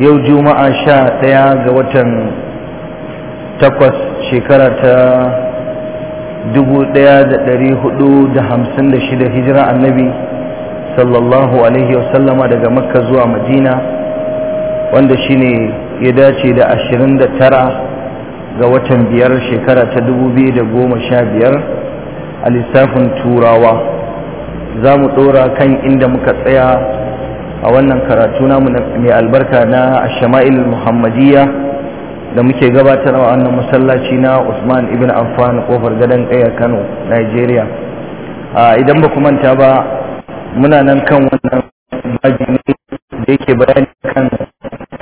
yau juma'a sha ɗaya ga watan takwas shekara ta dubu ɗaya da ɗari hudu da hamsin da shida hijira annabi sallallahu alaihi wasallama daga makka zuwa madina wanda shine ya dace da ashirin da tara ga watan biyar shekara ta dubu biyu da goma sha biyar a lissafin turawa za mu ɗora kan inda muka tsaya a wannan karatu namu mai albarka na shama'il muhammadiyya da muke gabatar a wannan masallaci na usman ibn amfan kofar gadon kaya kano nigeria idan ba manta ba muna nan kan wannan baji ne da yake bayani kan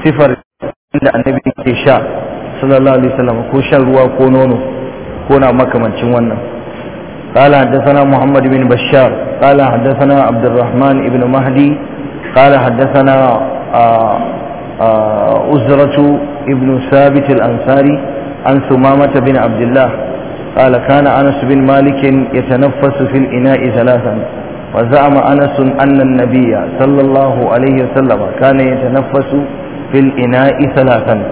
sifar da annabi ke sha sallallahu alaihi wasallam ko shan ruwa ko nono ko na makamancin wannan قال حدثنا محمد بن بشار قال حدثنا عبد الرحمن بن مهدي قال حدثنا أزرة ابن ثابت الأنصاري عن ثمامة بن عبد الله قال كان أنس بن مالك يتنفس في الإناء ثلاثا وزعم أنس أن النبي صلى الله عليه وسلم كان يتنفس في الإناء ثلاثا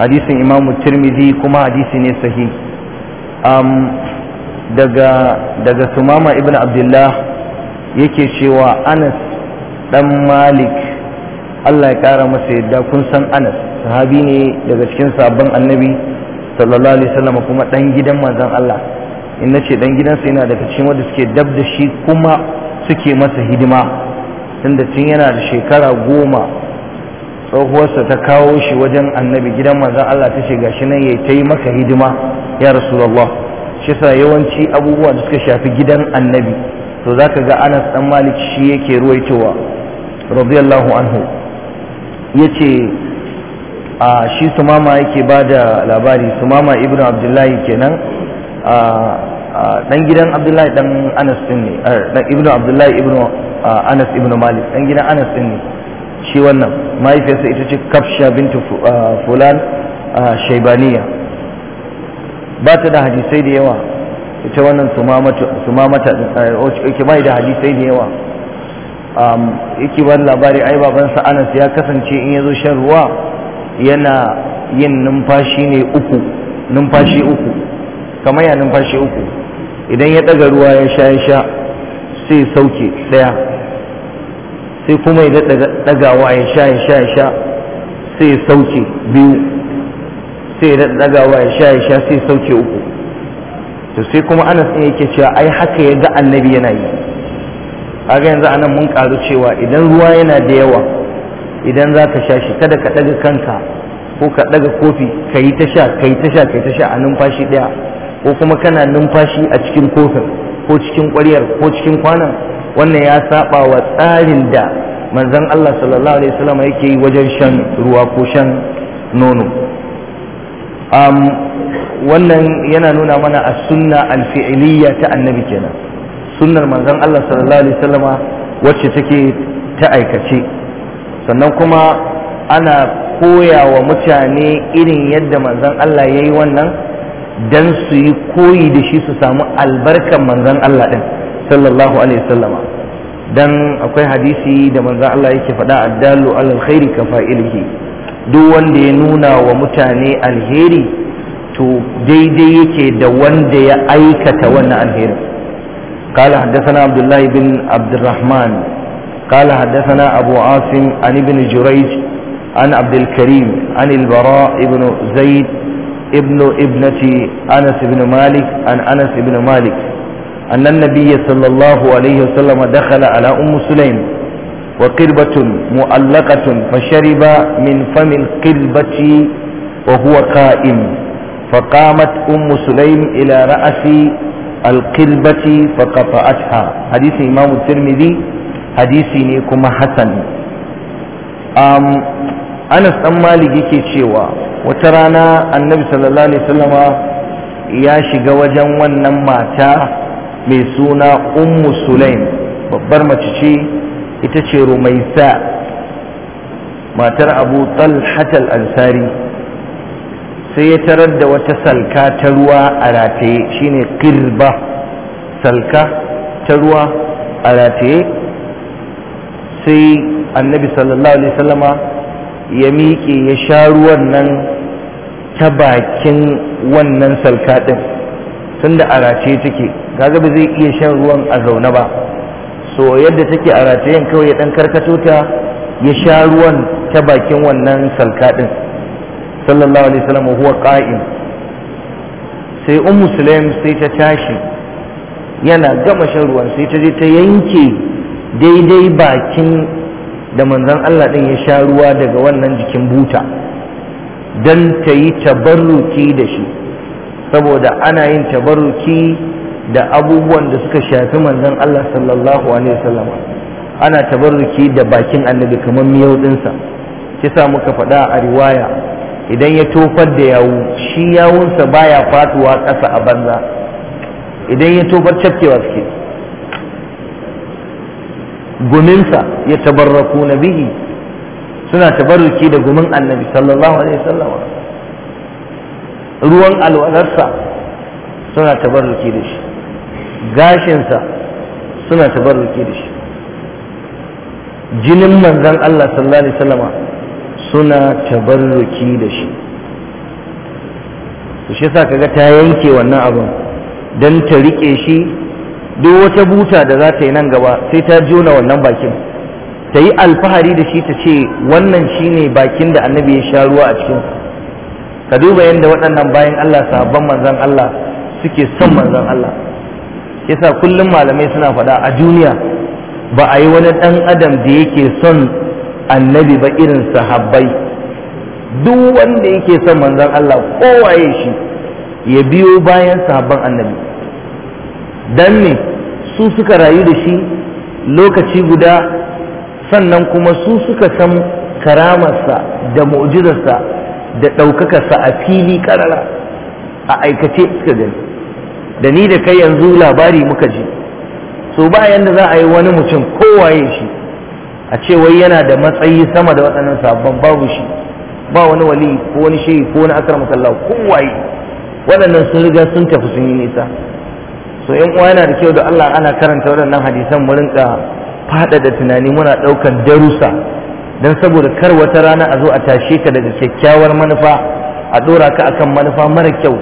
حديث إمام الترمذي كما حديث صحيح أم دقى دقى ثمامة ابن عبد الله yake cewa Anas dan malik Allah ya kara masa yadda kun san anas sahabi ne daga cikin sabon annabi sallallahu alaihi wasallam kuma dan gidan manzon Allah in nace dan gidansa yana daga cikin wanda suke dab da shi kuma suke masa hidima tunda tun yana da shekara goma tsohuwarsa ta kawo shi wajen annabi gidan manzon Allah ta ce gashi nan yayi ta yi maka hidima ya rasulullah shi sa yawanci abubuwa da suka shafi gidan annabi to zaka ga Anas dan Malik shi yake ruwaitowa radiyallahu anhu ya ce a shi sumama yake ba da labari sumama ibn abdullahi kenan a dan gidan abdullahi dan anas din ne er, dan ibn abdullahi ibn anas ibn malik dan gidan anas din ne shi wannan mahaifiyarsa ita ce kafsha bintu fulan shaibaniya ba ta da hadisai da yawa ita wannan sumamata din ba bai da hadisai da yawa yake ba labari ai babansa anas ya kasance in ya zo shan ruwa yana yin numfashi ne uku numfashi uku kamar ya numfashi uku idan ya ɗaga ruwa ya sha ya sha sai sauke ɗaya sai kuma ya ɗagawa ya sha ya sha ya sha sai sauke biyu sai ya ɗagawa ya sha ya sha sai sauke uku to sai kuma anas ɗin yake cewa ai haka ya ga annabi yana yi kaga yanzu anan mun karu cewa idan ruwa yana da yawa idan za ka sha shi kada ka ɗaga kanka ko ka ɗaga kofi ka yi ta sha ka yi ta sha ka yi ta sha a numfashi ɗaya ko kuma kana numfashi a cikin kofin ko cikin ƙwaryar ko cikin kwanan wannan ya saba wa tsarin da manzon Allah sallallahu alaihi wasallam yake yi wajen shan ruwa ko shan nono wannan yana nuna mana a sunna alfi'iliya ta annabi kenan sunnar manzan Allah sallallahu alaihi wasallama wacce take ta aikace sannan kuma ana koya wa mutane irin yadda manzan Allah ya yi wannan don su yi koyi da shi su samu albarkan manzan Allah ɗin sallallahu alaihi wasallama dan akwai hadisi da manzan Allah yake faɗa addalu alal khairi ka fa'ilihi duk wanda ya nuna wa mutane alheri to daidai yake da wanda ya aikata wannan alherin قال حدثنا عبد الله بن عبد الرحمن قال حدثنا أبو عاصم عن ابن جريج عن عبد الكريم عن البراء بن زيد ابن ابنة أنس بن مالك عن أنس بن مالك أن النبي صلى الله عليه وسلم دخل على أم سليم وقربة مؤلقة فشرب من فم القربة وهو قائم فقامت أم سليم إلى رأس alqilbati fa qata'atha hadisin imamu tirmidhi hadisi ne kuma Hassan um anas dan malik yake cewa wata rana annabi sallallahu alaihi wasallama ya shiga wajen wannan mata mai suna ummu sulaim babbar mace ce ita ce rumaisa matar abu talhat al-ansari sai ya tarar da wata salka ta ruwa a rataye shine kirba salka ta ruwa a rataye sai annabi sallallahu alaihi wasallama ya miƙe ya sha ruwan nan ta bakin wannan salka ɗin tun da a rataye take kaga ba zai iya shan ruwan a zaune ba so yadda take a ratayen kawai ya ɗan karkato ta ya sha ruwan ta bakin wannan salka ɗin sallallahu alaihi wasallam huwa qa'im sai ummu sulaim sai ta tashi yana gama shan ruwan sai ta je ta yanke daidai bakin da manzon Allah din ya sha ruwa daga wannan jikin buta dan ta yi tabarruki da shi saboda ana yin tabarruki da abubuwan da suka shafi manzon Allah sallallahu alaihi wasallam ana tabarruki da bakin annabi kamar miyau dinsa kisa muka faɗa a riwaya idan ya tofar da yawu shi yawunsa baya fatuwa ƙasa a banza idan ya tofar cafkewa suke guminsa ya tabarraku na bihi suna tabarruki da gumin annabi sallallahu alaihi wasallama ruwan alwalarsa suna tabarruki da shi gashinsa suna tabarruki da shi jinin manzan Allah sallallahu alaihi wasallama suna tabarruki da shi to shi sa kaga ta yanke wannan abin don ta riƙe shi duk wata buta da za ta yi nan gaba sai ta jona wannan bakin ta yi alfahari da shi ta ce wannan shine bakin da annabi ya sha ruwa a cikin ka duba yadda waɗannan bayan Allah sabon manzan Allah suke son manzan Allah yasa kullum malamai suna faɗa a duniya ba a yi wani ɗan adam da yake son annabi ba irin sahabbai duk wanda yake son manzon Allah kowaye shi ya biyo bayan sahabban annabi dan ne su suka rayu da shi lokaci guda sannan kuma su suka san karamarsa da mu'jizarsa da ɗaukakarsa a fili karara a aikace suka gani da ni da kai yanzu labari muka ji so ba yanda za a yi wani mutum kowaye shi a ce wai yana da matsayi sama da waɗannan sabon babu shi ba wani wali ko wani shehi ko wani akram ko kowaye waɗannan sun riga sun tafi sun yi nisa so yan uwa yana da kyau da Allah ana karanta waɗannan hadisan mu rinka fada da tunani muna ɗaukar darussa don saboda kar wata rana a zo a tashe ka daga kyakkyawar manufa a ɗora ka akan manufa mara kyau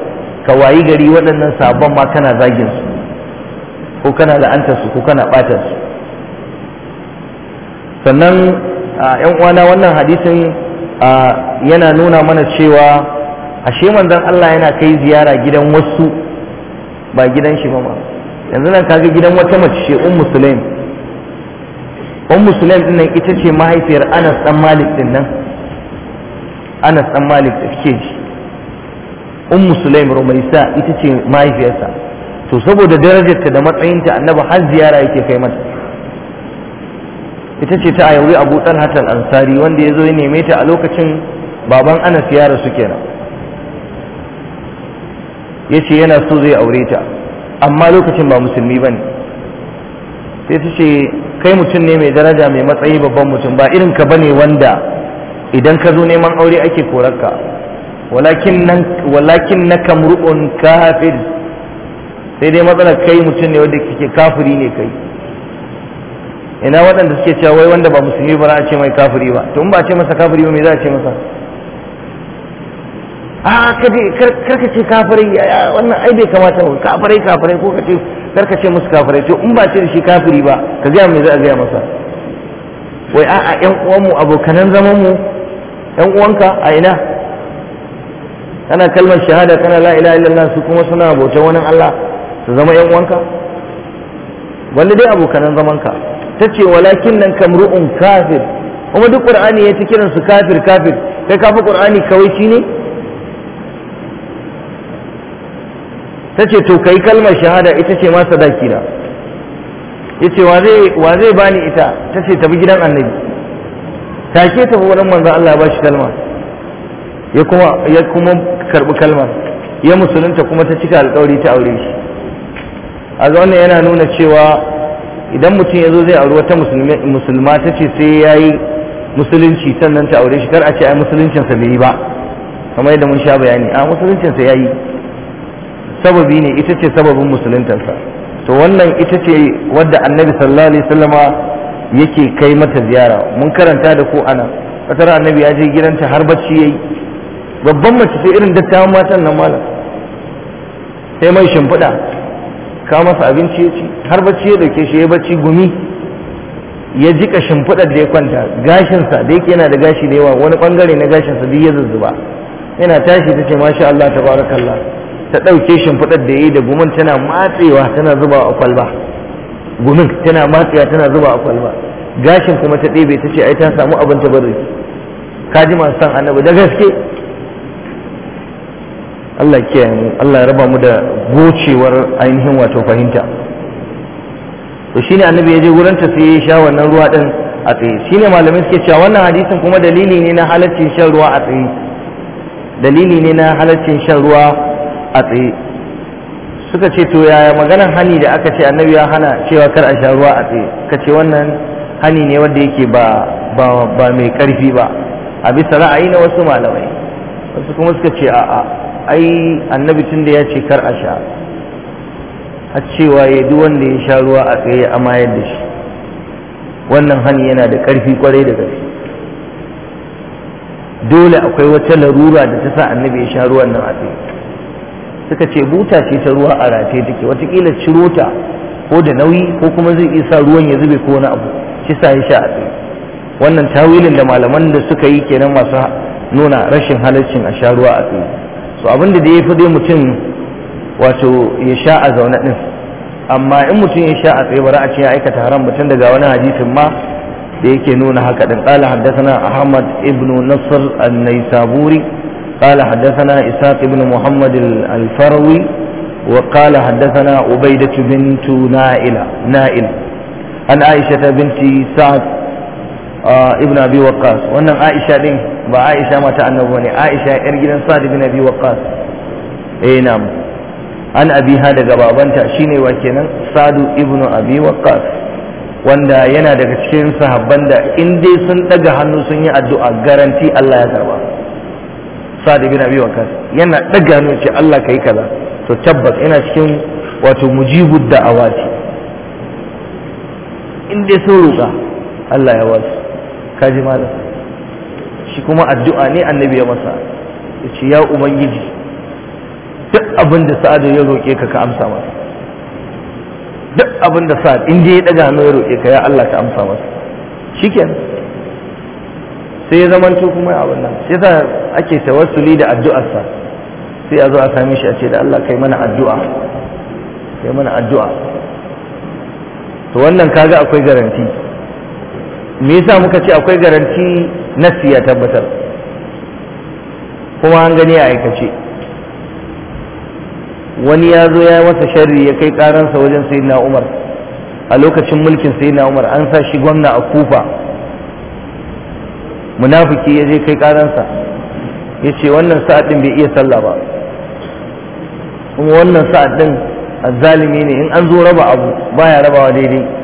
ka wayi gari waɗannan sabon ma kana zagin su ko kana la'anta su ko kana ɓata su sannan yan uwana wannan hadisin yana nuna mana cewa ashe manzon Allah yana kai ziyara gidan wasu ba gidan shi ba yanzu nan kaga gidan wata mace ce ummu sulaim ummu sulaim din nan ita ce mahaifiyar Anas dan Malik din nan Anas dan Malik da kike ji ummu sulaim rumaisa ita ce mahaifiyarsa to saboda darajarta da matsayinta annabi har ziyara yake kai mata ita ce ta ayyuri abu talhatal ansari wanda ya zo ya neme ta a lokacin baban anas ya rasu kenan ya ce yana so zai aure ta amma lokacin ba musulmi ba ne sai ta ce kai mutum ne mai daraja mai matsayi babban mutum ba irin ka bane wanda idan ka zo neman aure ake korarka walakin na kamru'un kafir sai dai matsalar kai mutum ne wanda kike kafiri ne kai ina waɗanda suke cewa wai wanda ba musulmi ba na a ce mai kafiri ba to in ba a ce masa kafiri ba me za a ce masa a karka ce kafirai wannan ai bai kamata ba kafirai kafirai ko kace karka ce musu kafirai to in ba ce da shi kafiri ba ka gaya me za a gaya masa wai a a yan uwan mu abokanan zaman mu yan uwanka a ina kana kalmar shahada kana la ilaha illallah su kuma suna bautar wani Allah su zama yan uwanka wanda dai abokanan zaman ka ta ce walakin nan kamru'un kafir kuma duk qur'ani ya ta kiran su kafir kafir kai kafa qur'ani kawai shi ne ta ce to kai kalmar shahada ita ce ma sadaki na ya ce wa zai bani ita ta ce tafi gidan annabi Ta ke tafi wurin manzan Allah ba shi kalma ya kuma ya kuma karbi kalmar ya musulunta kuma ta cika alkawari ta aure shi a zaune yana nuna cewa idan mutum ya zo zai auri wata musulma ta ce sai ya yi musulunci sannan ta aure shi kar a ce ai musuluncinsa bai yi ba kamar yadda mun sha bayani a musuluncinsa ya yi sababi ne ita ce sababin musuluntar sa. to wannan ita ce wadda annabi sallallahu alaihi wasallama yake kai mata ziyara mun karanta da ko ana fatar annabi ya je gidanta har bacci yayi babban mace sai irin dattawan matan nan malam sai mai shimfiɗa ka masa abinci ya ci har bacci ya dauke shi ya bacci gumi ya jika shimfiɗar da ya kwanta gashinsa da yake yana da gashi da yawa wani bangare na gashinsa duk ya zuzzuba yana tashi ta ce masha Allah ta barakallah ta ɗauke shimfiɗar da ya yi da gumin tana matsewa tana zuba a kwalba gumin tana matsewa tana zuba a kwalba gashin kuma ta ɗebe ta ce ai ta samu abin bari ka ji masu san annabi da gaske Allah ke Allah ya raba mu da gocewar ainihin wato fahimta to shine annabi ya je gurin ta sai ya sha wannan ruwa din a tsaye shine malamai suke cewa wannan hadisin kuma dalili ne na halaccin shan ruwa a tsaye dalili ne na halaccin shan ruwa a tsaye suka ce to yaya maganar hani da aka ce annabi ya hana cewa kar a sha ruwa a tsaye ka ce wannan hani ne wanda yake ba ba ba mai karfi ba a bisa ra'ayi na wasu malamai wasu kuma suka ce a'a ai annabi tun da ya ce kar a sha har cewa ya duk wanda ya sha ruwa a tsaye a mayar da shi wannan hani yana da ƙarfi kwarai da gaske dole akwai wata larura da ta sa annabi ya sha ruwan nan a tsaye suka ce buta ce ta ruwa a rataye take watakila ciro ta ko da nauyi ko kuma zai isa ruwan ya zube ko wani abu shi sa ya sha a tsaye wannan tawilin da malaman da suka yi kenan masu nuna rashin halaccin a sha ruwa a tsaye su abin da ya fi dai mutum wato ya sha a zaune din amma in mutum ya sha a tsaye a ce ya aikata haram mutum daga wani hadisin ma da yake nuna haka din qala haddathana ahmad ibnu nasr an-naisaburi qala haddathana isaq ibnu muhammad al-farawi وقال حدثنا عبيدة بنت نائلة نائل عن عائشة بنت ibn abi waqqas wannan aisha din ba aisha mata annabi bane aisha yar gidan sa'd ibn abi waqqas eh na'am an abiha daga babanta shine wa kenan sa'd ibn abi waqqas wanda yana daga cikin sahabban da in dai sun daga hannu sun yi addu'a garanti Allah ya karba sa'd ibn abi waqqas yana daga hannu ce Allah kai kaza to tabbas yana cikin wato mujibud da'awati in dai sun roƙa Allah ya wasu kaji malam shi kuma addu'a ne annabi ya masa ya ce ya ubangiji duk abin da sa'ad ya roƙe ka ka amsa masa duk abin da sa'ad in ya daga hannu ya roƙe ka ya Allah ka amsa masa shikenan sai ya zamanto kuma abin nan sai yasa ake tawassuli da addu'arsa sai a zo a sami shi a ce da Allah kai mana addu'a kai mana addu'a to wannan kaga akwai garanti me yasa muka ce akwai garanti nassi ya tabbatar kuma an gani a aikace wani ya zo ya masa sharri ya kai karansa wajen sayyidina umar a lokacin mulkin sayyidina umar an sa shi gwamna a kufa munafiki ya je kai karansa ya ce wannan sa'ad din bai iya sallah ba kuma wannan sa'ad din azzalimi ne in an zo raba abu baya rabawa daidai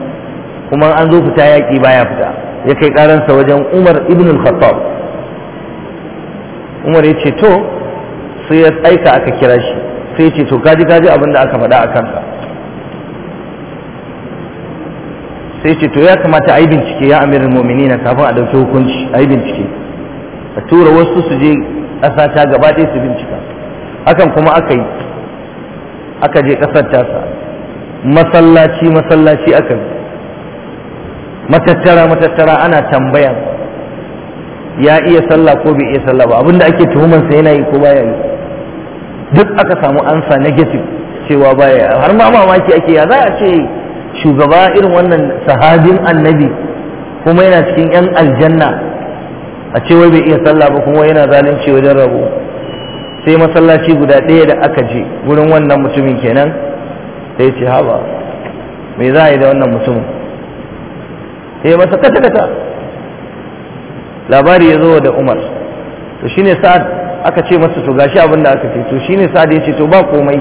kuma an zo fita yaƙi baya fita ya kai ƙaransa wajen umar ibn al-khattab umar ya ce to sai ya aika aka kira shi sai ya ce to kaji kaji abin da aka faɗa a kanka sai ya ce to ya kamata a yi bincike ya amirin momini na kafin a ɗauki hukunci a yi bincike a tura wasu su je ƙasa ta gaba ɗaya su bincika hakan kuma aka yi aka je ƙasar tasa masallaci masallaci aka bi matattara matattara ana tambaya ya iya sallah ko bai iya sallah ba abinda ake sa yana yi ko baya yi duk aka samu ansa negative cewa baya har ma mamaki ake ya za a ce shugaba irin wannan sahabin annabi kuma yana cikin yan aljanna a ce wai bai iya sallah ba kuma yana zalunci wajen rabo sai masallaci guda ɗaya da aka je wurin wannan mutumin kenan sai ce haba me za a yi da wannan mutumin sai masa kata kata labari ya zo da umar to shine sa'ad aka ce masa to gashi abin da aka ce to shine sa'ad ya ce to ba komai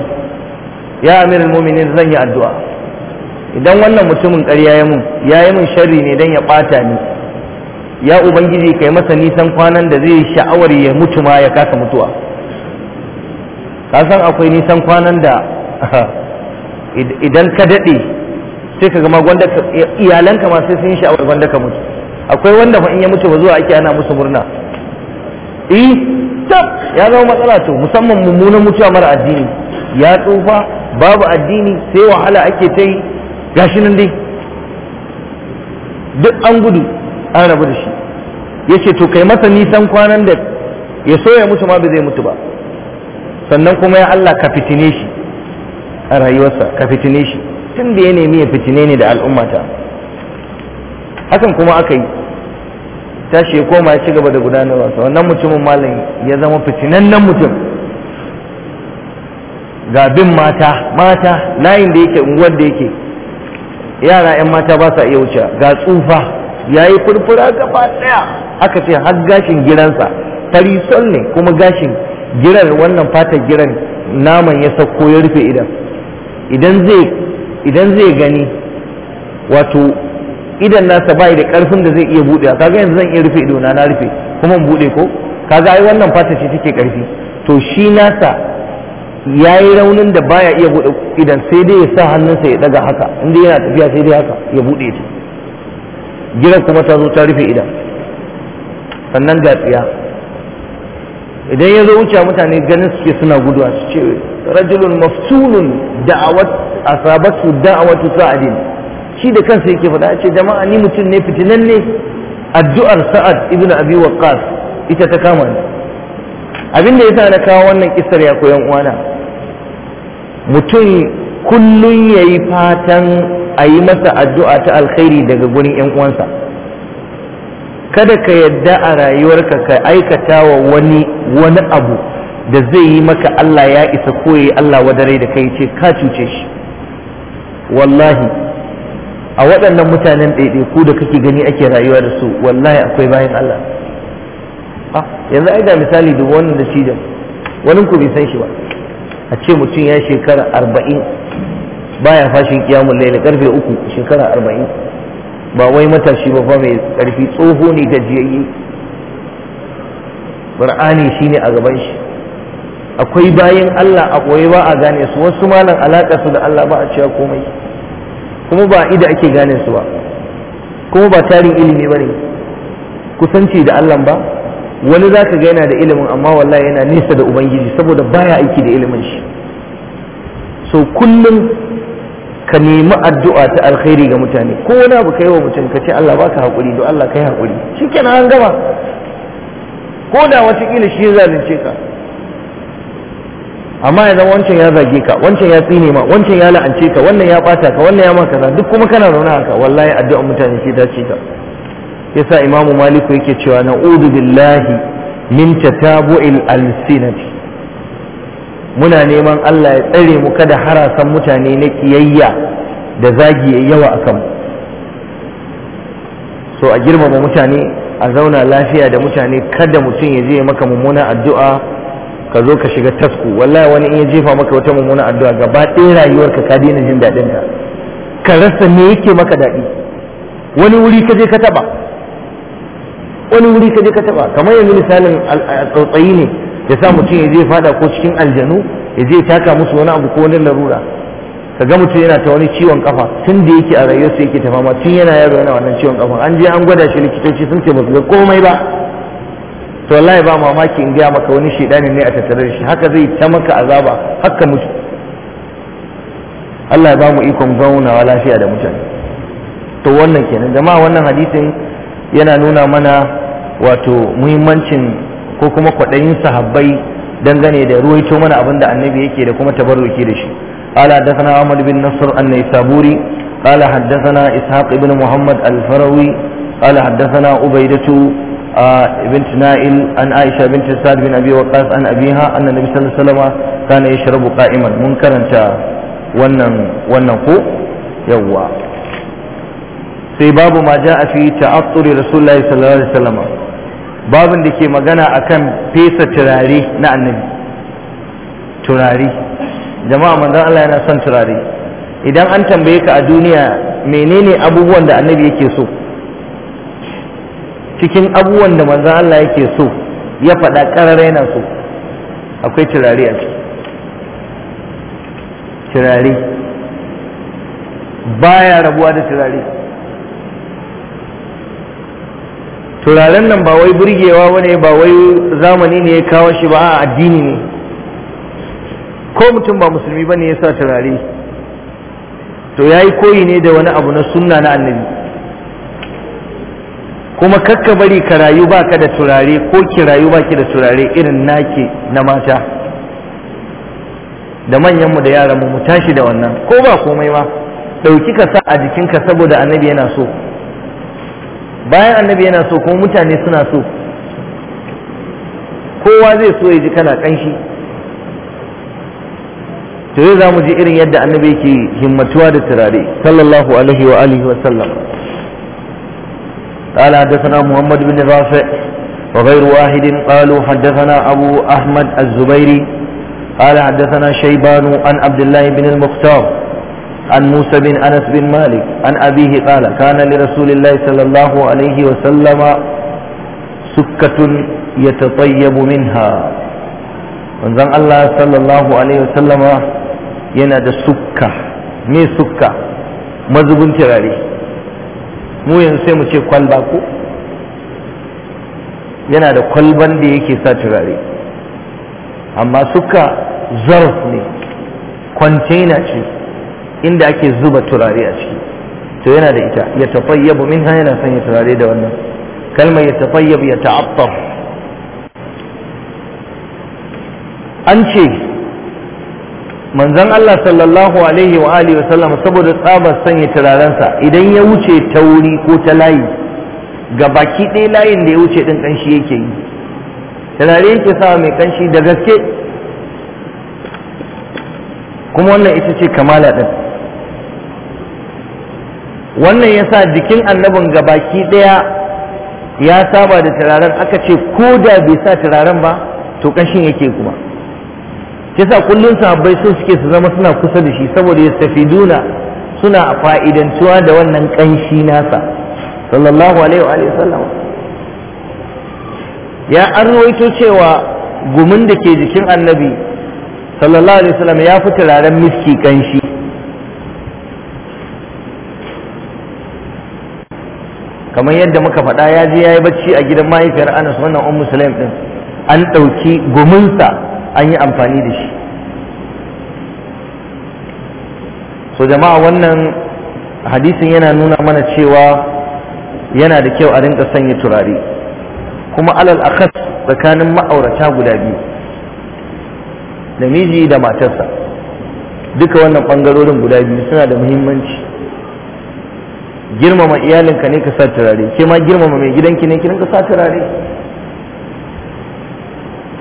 ya amirul mu'minin zan yi addu'a idan wannan mutumin ƙarya ya mun ya yi mun sharri ne dan ya bata ni ya ubangiji kai masa nisan kwanan da zai sha'awar ya mutu ma ya kasa mutuwa kasan akwai nisan kwanan da idan ka daɗe sai ka gama gwanda iyalanka ma sai sun yi sha'awar gwanda ka mutu akwai wanda fa in ya mutu ba zuwa ake ana musu murna e tab ya zama matsala to musamman mummunan mutuwa mara addini ya tsufa babu addini sai wahala ake ta yi gashi nan dai duk an gudu an rabu da shi ya ce to kai masa nisan kwanan da ya so ya mutu ma ba zai mutu ba sannan kuma ya Allah ka fitine shi a rayuwarsa ka fitine shi tun da ya nemi ya fitine ne da al'ummata hakan kuma aka yi tashi ya koma ya ci gaba da gudanar wasu wannan mutumin malam ya zama fitinannen mutum ga bin mata mata layin da yake unguwar da yake yara 'yan mata ba sa iya wuce ga tsufa ya yi furfura gaba daya aka ce har gashin giransa farisol ne kuma gashin girar wannan fatar giran naman ya sauko ya rufe idan idan zai idan zai gani wato idan nasa bai da karfin da zai iya bude kaga yanzu zan iya rufe idona na rufe kuma mu bude ko kaga ai wannan fata ce take karfi to shi nasa yayi raunin da baya iya bude idan sai dai ya sa hannunsa ya daga haka inda yana tafiya sai dai haka ya bude ta gidan kuma ta zo ta rufe idan sannan ga tsiya idan ya zo wuce mutane ganin suke suna guduwa su ce rajulun maftulun da'awat asabatu da'watu sa'adin shi da kansa yake faɗa ce jama'a ni mutum ne fitinan ne. addu'ar sa'ad ibn abi waqqas ita ta kama ni abin da yasa na kawo wannan kissar ya koyan uwana mutum kullun yayi fatan a yi masa addu'a ta alkhairi daga gurin yan uwansa kada ka yadda a rayuwarka ka aikata wa wani wani abu da zai yi maka Allah ya isa koyi Allah wadare da kai ce ka cuce shi wallahi a waɗannan mutanen ku da kake gani ake rayuwa da su wallahi akwai bayan Allah ah, yanzu ai ga misali da wannan da shi da wani ku bai san shi ba a ce mutum ya shekara arba'in baya fashin kiyamun laila karfe uku shekara arba'in ba wai matashi ba fa mai karfi tsoho ne jiyayye. gajiyayye shi ne a gaban shi akwai bayan Allah a koyi ba a gane su wasu malam alaƙa su da Allah ba a cewa komai kuma ba ida ake gane su ba kuma ba tarin ilimi ba ne kusanci da Allah ba wani za ka ga yana da ilimin amma wallahi yana nesa da ubangiji saboda baya aiki da ilimin shi so kullum ka nemi addu'a ta alkhairi ga mutane ko wani abu kai wa mutum ka ce Allah baka hakuri do Allah kai hakuri shikenan an gama ko da wata kila shi zalunce ka amma ya zama wancan ya zage ka wancan ya tsine ma wancan ya la'ance ka wannan ya bata ka wannan ya ma kaza duk kuma kana zaune haka wallahi addu'an mutane sai dace ka yasa imamu maliku yake cewa udu billahi min tatabu'il alsinati muna neman Allah ya tsare mu kada harasan mutane na kiyayya da zagi ya yawa a kanmu so a girmama mutane a zauna lafiya da mutane kada mutum ya je maka mummunan addu'a ka zo ka shiga tasku wallahi wani in ya jefa maka wata mummuna addu'a gaba ɗaya rayuwarka ka daina jin daɗin ka ka rasa me yake maka daɗi wani wuri ka je ka taba wani wuri ka je ka taba kamar yanzu misalin tsautsayi ne ya sa mutum ya je fada ko cikin aljanu ya je taka musu wani abu ko wani larura ka ga mutum yana ta wani ciwon kafa tun da yake a rayuwarsa yake ta fama tun yana yaro yana wannan ciwon kafa an je an gwada shi likitoci sun ce ba su ga komai ba to wallahi ba mamaki in gaya maka wani shedani ne a tattare da shi haka zai ta maka azaba haka mutu Allah ya ba mu ikon wa lafiya da mutane to wannan kenan jama'a wannan hadisin yana nuna mana wato muhimmancin ko kuma kwaɗayin sahabbai dangane da ruwaito mana abin da annabi yake da kuma tabarruki da shi قال حدثنا عمر بن نصر النيسابوري قال حدثنا إسحاق بن محمد الفروي قال حدثنا أبيدة بنت نائل عن عائشة بنت سعد بن أبي وقاص عن أبيها أن النبي صلى الله عليه وسلم كان يشرب قائما منكرا ونن وننقو يوا sai babu ma ja a fi ta'atturi rasulullahi sallallahu alaihi wasallam babin da ke magana akan fesa turare na annabi turare jama'a manzon Allah yana son turare idan an tambaye ka a duniya menene abubuwan da annabi yake so cikin abubuwan da manzan Allah yake so ya faɗa ƙararai yana so akwai turare a ciki turare baya rabuwa da turare turaren nan ba wai burgewa wane ba wai zamani ne ya kawo shi ba a addini ne ko mutum ba musulmi ba ne ya sa turare to ya yi koyi ne da wani abu na sunna na annabi kuma kakka bari ka rayu baka da turare ko ki rayu baki da turare irin naki na mata da manyanmu da yaranmu mu tashi da wannan ko ba komai ba, ɗauki ka sa a jikinka saboda annabi yana so bayan annabi yana so kuma mutane suna so kowa zai so ya ji kana ƙanshi to yau za mu ji irin yadda annabi yake himmatuwa da turare sallallahu alaihi wa alihi wa sallam قال حدثنا محمد بن رافع وغير واحد قالوا حدثنا أبو أحمد الزبيري قال حدثنا شيبان عن عبد الله بن المختار عن موسى بن أنس بن مالك عن أبيه قال كان لرسول الله صلى الله عليه وسلم سكة يتطيب منها wanzan Allah sallallahu alaihi wasallama yana da sukka me sukka mazubin turare mu yanzu sai mu ce kwalba ko yana da kwalban da yake sa turare amma suka zarf ne container ce inda ake zuba turare a ciki to yana da ita ya tafayyabu min yana son ya turare da wannan kalmar ya tafayyabu ya ta'attar an ce manzon Allah sallallahu alaihi wa alihi wasallam saboda tsabar sanya turarensa idan ya wuce ta wuri ko ta layi ga baki ɗaya layin da ya wuce ɗin ƙanshi yake yi turare yake sa mai ƙanshi da gaske kuma wannan ita ce kamala ɗin wannan ya sa jikin annabin ga baki ɗaya ya saba da turaren aka ce ko da bai sa turaren ba to ƙanshin yake kuma yasa kullun sahabbai sun suke su zama suna kusa da shi saboda yastafiduna suna fa'idantuwa da wannan kanshi nasa sallallahu alaihi wa sallam ya arwaito cewa gumin da ke jikin annabi sallallahu alaihi wasallam ya fi turaren miski kanshi kamar yadda muka faɗa ya je ya yi bacci a gidan mahaifiyar anas wannan un musulun ɗin an ɗauki guminsa an yi amfani da shi so jama'a wannan hadisin yana nuna mana cewa yana da kyau a rinka sanya turare kuma alal akas tsakanin ma'aurata guda biyu da miji da matarsa duka wannan bangarorin guda biyu suna da muhimmanci girmama iyalinka ne ka sa turare ke ma girmama mai gidanki ne ka sa turare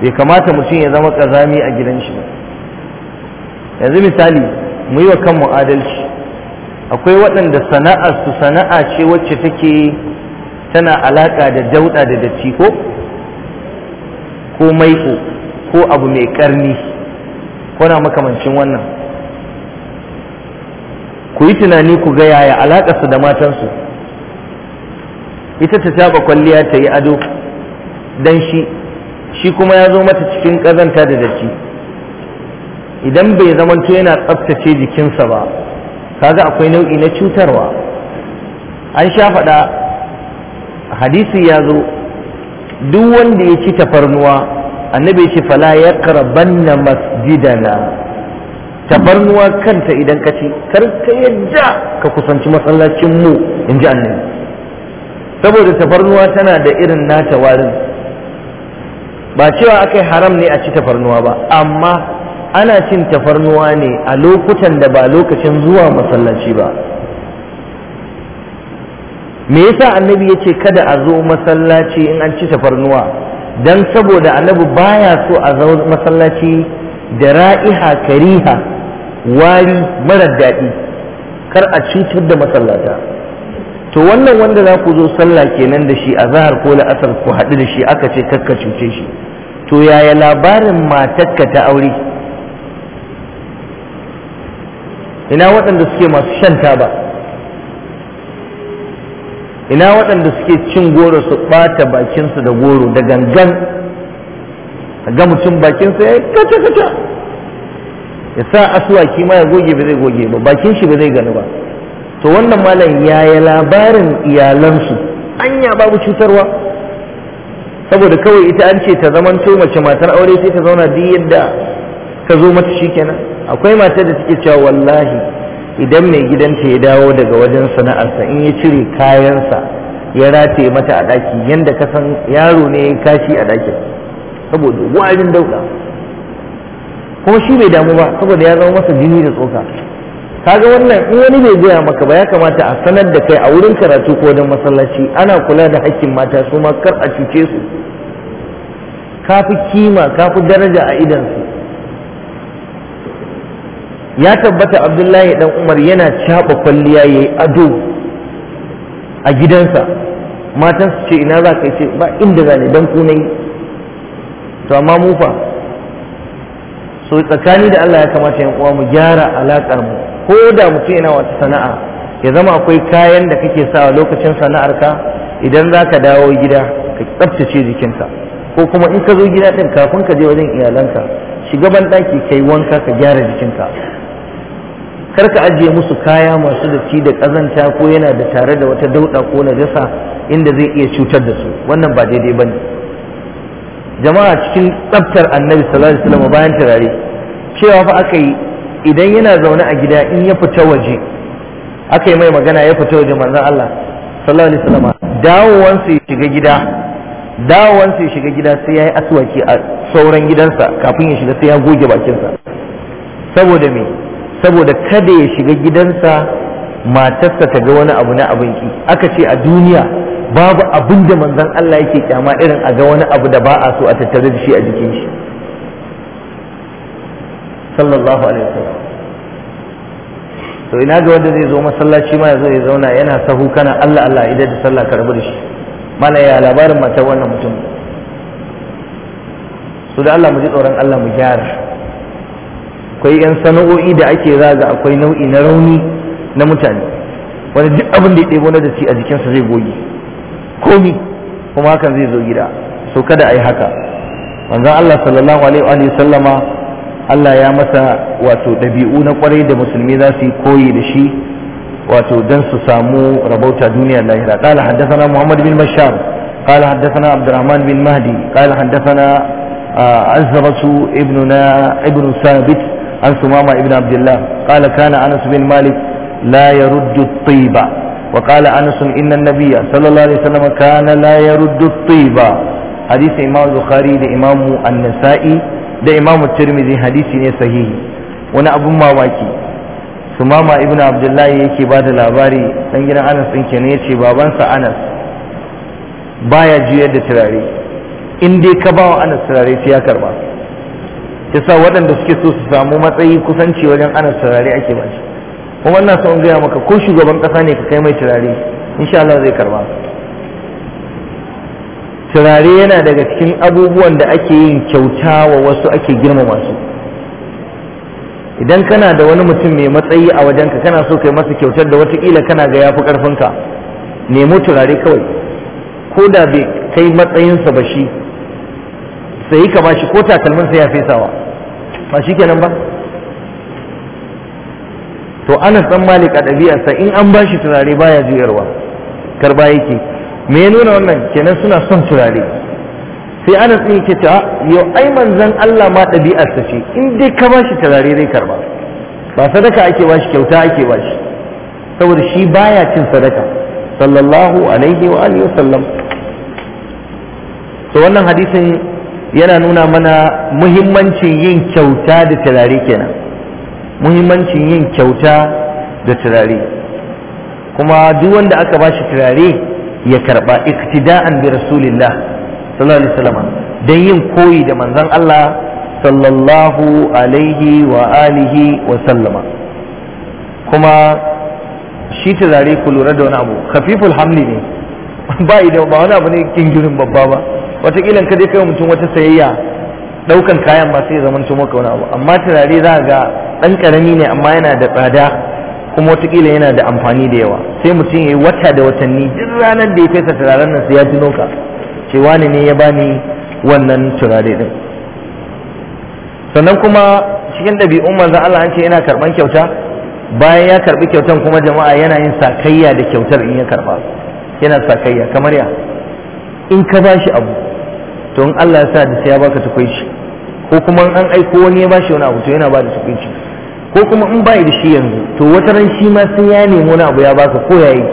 bai kamata mutum ya zama kazami a gidan shi ba yanzu misali mu yi wa kanmu adalci akwai waɗanda sana'a su sana'a ce wacce take tana alaƙa da jauɗa da datti ko ko maiƙo ko abu mai ƙarni ko na makamancin wannan ku yi tunani ku ga yaya alaƙarsu da matansu ita ta taɓa kwalliya ta yi ado dan shi shi kuma ya zo mata cikin ƙazanta da datti idan bai zamanto yana tsaftace jikinsa ba kaga akwai nau'i na cutarwa an sha faɗa hadisi ya zo duk wanda ya ci tafarnuwa annabi ce fala ya karabanna masjidana tafarnuwa kanta idan ka ci kar ka yadda ka kusanci masallacin mu in ji annabi saboda tafarnuwa tana da irin nata warin ba cewa aka yi haram ne a ci tafarnuwa ba amma ana cin tafarnuwa ne a lokutan da ba lokacin zuwa masallaci ba me yasa annabi ya ce kada a zo masallaci in an ci tafarnuwa don saboda annabi baya so a zo masallaci da ra'iha kariha wari mara daɗi kar a cutar da masallata to wannan wanda za ku zo sallah kenan da shi a zahar ko la'asar ku haɗu da shi aka ce kakka cuce shi to yaya labarin matakka ta aure ina waɗanda suke masu shan taba ina waɗanda suke cin goro su ɓata bakinsu da goro da gangan A ga mutum bakinsa ya yi kaca-kaca ya sa asuwaki ma ya goge ba zai goge ba bakin shi ba zai gani ba to wannan malam ya yaya labarin iyalansu anya babu cutarwa saboda kawai ita an ce ta zaman to mace matar aure sai ta zauna duk yadda ka zo mata shikenan akwai matar da take cewa wallahi idan mai gidanta ya dawo daga wajen sana'arsa in ya cire kayansa ya rataye mata a ɗaki yadda ka san yaro ne ya kashi a ɗakin saboda wa'adin dauka kuma shi bai damu ba saboda ya zama masa jini da tsoka kaga wannan in wani bai gaya maka ba ya kamata a sanar da kai a wurin karatu ko wajen masallaci ana kula da hakkin mata su ma kar a cuce su kafi kima kafi daraja a idansu ya tabbata abdullahi dan umar yana caɓa kwalliya ya yi ado a gidansa matan su ce ina za ka ce ba inda zane dan kunai to amma mufa so tsakani da Allah ya kamata yan uwa mu gyara alakar mu ko da mutum yana wata sana'a ya zama akwai kayan da kake sawa lokacin sana'arka idan za ka dawo gida ka tsabtace jikinka ko kuma in ka zo gida ɗin kafin ka je wajen iyalanka shiga ban ɗaki ka yi wanka ka gyara jikinka kar ka ajiye musu kaya masu datti da ƙazanta ko yana da tare da wata dauɗa ko najasa inda zai iya cutar da su wannan ba daidai ba ne jama'a cikin tsabtar annabi sallallahu alaihi wasallam bayan turare cewa fa aka yi idan yana zaune a gida in ya fita waje aka yi mai magana ya fita waje manzan Allah sallallahu alaihi wasallam dawowan sai shiga gida dawowan sai shiga gida sai yayi aswaki a sauran gidansa kafin ya shiga sai ya goge bakinsa saboda me saboda kada ya shiga gidansa matarsa ta ga wani abu na abin ki aka ce a duniya babu abin da manzan Allah yake kyama irin a ga wani abu da ba a so a tattare da shi a jikin shi sallallahu alaihi wasallam to ina ga wanda zai zo masallaci ma zai zauna yana sahu kana Allah Allah idan da sallah ka da shi mana ya labarin mata wannan mutum su da Allah mu ji tsoron Allah mu gyara akwai yan sana'o'i da ake zaga akwai nau'i na rauni na mutane wanda duk abin da ya ɗebo na da a jikinsa zai goge komi kuma hakan zai zo gida so kada a yi haka manzon Allah sallallahu alaihi wa sallama Allah ya masa wato ɗabi'u na kwarai da musulmi za su yi koyi da shi wato don su samu rabauta duniya lahira qala haddathana Muhammad bin Bashar qala haddathana Abdurrahman bin Mahdi qala haddathana Azratu ibnuna ibn Sabit an Sumama ibn Abdullah qala kana Anas bin Malik la yaruddu at-tayyiba wa qala Anas inna an-nabiy sallallahu alaihi wasallam kana la yaruddu at-tayyiba hadith Imam Bukhari da Imam An-Nasa'i da imam tirmidhi hadisi ne sahihi wani abun mamaki mama ibn abdullahi yake ba da labari dan gidan anas din kenan yace babansa anas baya juyar da turare in dai ka ba wa anas turare sai ya karba sa waɗanda suke so su samu matsayi kusanci wajen anas turare ake ba shi kuma ina in gaya maka ko shugaban kasa ne ka kai mai turare insha Allah zai karba turare yana daga cikin abubuwan da ake yin kyauta wa wasu ake girmama su idan kana da wani mutum mai matsayi a wajenka kana so kai masa kyautar da watakila kana ga yafi karfinka nemo turare kawai ko da bai kai matsayinsa ba shi sai ka bashi ko takalminsa ya fesawa ba shi kenan ba to ana san malik a ɗabi'arsa in an bashi turare baya juyarwa karba yake me ya nuna wannan kenan suna son turare sai ana tsini ke cewa yau ai manzan Allah ma ɗabi'arsa ce in dai ka ba shi turare zai karba ba sadaka ake ba shi kyauta ake ba shi saboda shi baya cin sadaka sallallahu alaihi wa alihi wasallam to wannan hadisin yana nuna mana muhimmancin yin kyauta da turare kenan muhimmancin yin kyauta da turare kuma duk wanda aka ba shi turare ya karba iktida'an bi rasulillah sallallahu alaihi wasallam dan yin koyi da manzon Allah sallallahu alaihi wa alihi wa sallama kuma shi zare ku lura da wani abu khafiful hamli ne ba ba wani abu ne kingirin babba ba wataƙila ka je kai mutum wata sayayya ɗaukan kayan ba sai zaman maka wani abu amma tarare za ga dan karami ne amma yana da tsada kuma watakila yana da amfani da yawa sai mutum ya yi wata da watanni duk ranar da ya fesa turaren nan sai ya ji noka cewa ne ne ya bani wannan turare din sannan kuma cikin ɗabi'un maza Allah an ce yana karɓan kyauta bayan ya karɓi kyautan kuma jama'a yana yin sakayya da kyautar in ya karɓa yana sakayya kamar ya in ka bashi abu to in Allah ya sa da sai ya baka tukwaici ko kuma an aiko wani ya bashi wani abu to yana ba da tukwaici ko kuma in bai da shi yanzu to wata ran shi ma sai ya nemi wani abu ya baka ko ya yi